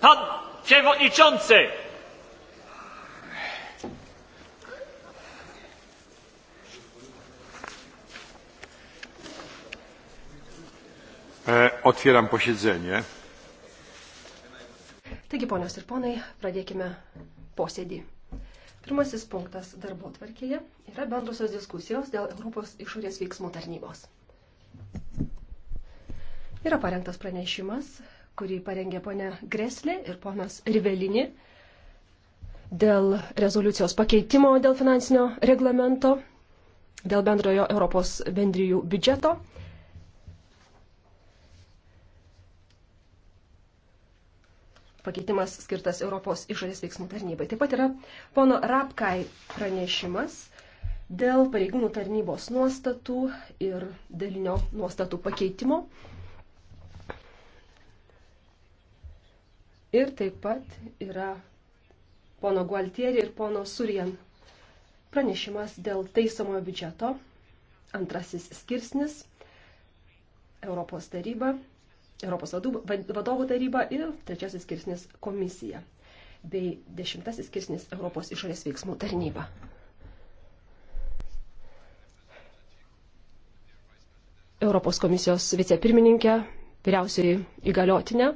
Pan przewodniczący! E, otwieram posiedzenie. Taigi, ponios ir ponai, pradėkime posėdį. Pirmasis punktas darbo tvarkėje yra bendrosios diskusijos dėl Europos išorės veiksmų tarnybos. Yra parengtas pranešimas kurį parengė ponia Greslė ir ponas Rivelini dėl rezoliucijos pakeitimo dėl finansinio reglamento, dėl bendrojo Europos bendrijų biudžeto. Pakeitimas skirtas Europos išorės veiksmų tarnybai. Taip pat yra pono Rapkai pranešimas dėl pareigūnų tarnybos nuostatų ir dalinio nuostatų pakeitimo. ir taip pat yra pono Gualtieri ir pono Surien pranešimas dėl teisamojo biudžeto, antrasis skirsnis, Europos taryba, Europos vadovų taryba ir trečiasis skirsnis komisija, bei dešimtasis skirsnis Europos išorės veiksmų tarnyba. Europos komisijos vicepirmininkė, vyriausioji įgaliotinė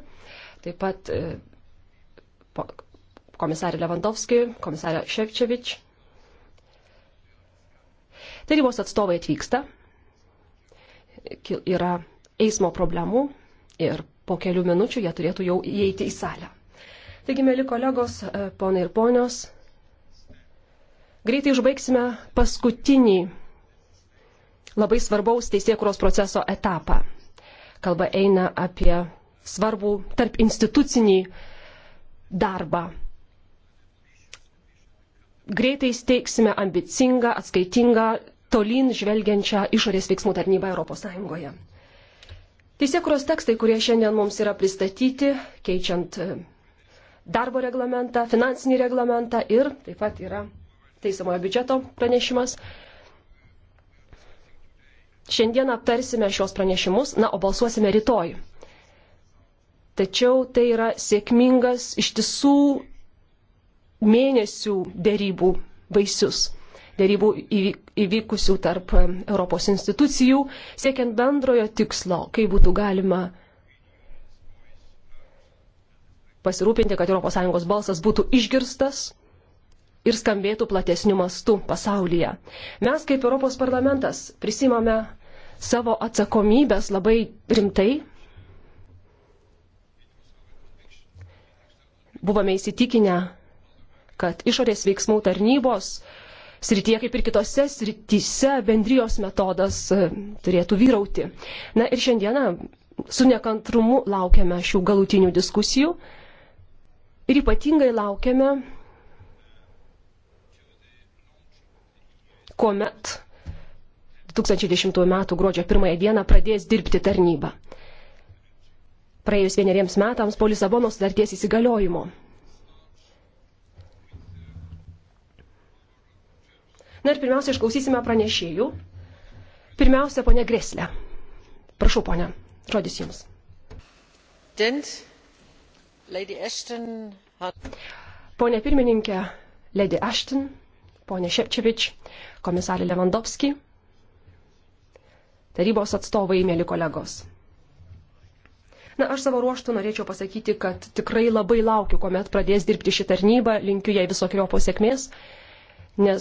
Taip pat e, komisarė Levandovski, komisarė Ševčevič. Tarybos atstovai atvyksta, yra eismo problemų ir po kelių minučių jie turėtų jau įeiti į salę. Taigi, mėly kolegos, e, ponai ir ponios, greitai užbaigsime paskutinį labai svarbaus teisėkuros proceso etapą. Kalba eina apie svarbų tarp institucinį darbą. Greitai steigsime ambicingą, atskaitingą, tolyn žvelgiančią išorės veiksmų tarnybą ES. Teisėkuros tekstai, kurie šiandien mums yra pristatyti, keičiant e, darbo reglamentą, finansinį reglamentą ir taip pat yra teisamojo biudžeto pranešimas. Šiandien aptarsime šios pranešimus, na, o balsuosime rytoj. Tačiau tai yra sėkmingas iš tiesų mėnesių dėrybų vaisius dėrybų įvykusių tarp Europos institucijų, siekiant bendrojo tikslo, kaip būtų galima pasirūpinti, kad ES balsas būtų išgirstas ir skambėtų platesnių mastų pasaulyje. Mes kaip Europos parlamentas prisimame savo atsakomybės labai rimtai buvome įsitikinę, kad išorės veiksmų tarnybos srityje, kaip ir kitose srityse, bendrijos metodas e, turėtų vyrauti. Na ir šiandieną su nekantrumu laukiame šių galutinių diskusijų ir ypatingai laukiame, kuomet 2010 m. gruodžio 1 d. pradės dirbti tarnybą praėjus vieneriems metams po Lisabonos sutarties įsigaliojimo. Na ir pirmiausia, išklausysime pranešėjų. Pirmiausia, ponia Greslė. Prašau, ponia, žodis jums. Pone pirmininkė, Lady Ashton, ponė Šepčevič, komisarė Lewandowski, tarybos atstovai, mėly kolegos. Na, aš savo ruoštų norėčiau pasakyti, kad tikrai labai laukiu, kuomet pradės dirbti šį tarnybą, linkiu jai visokiojo sėkmės, nes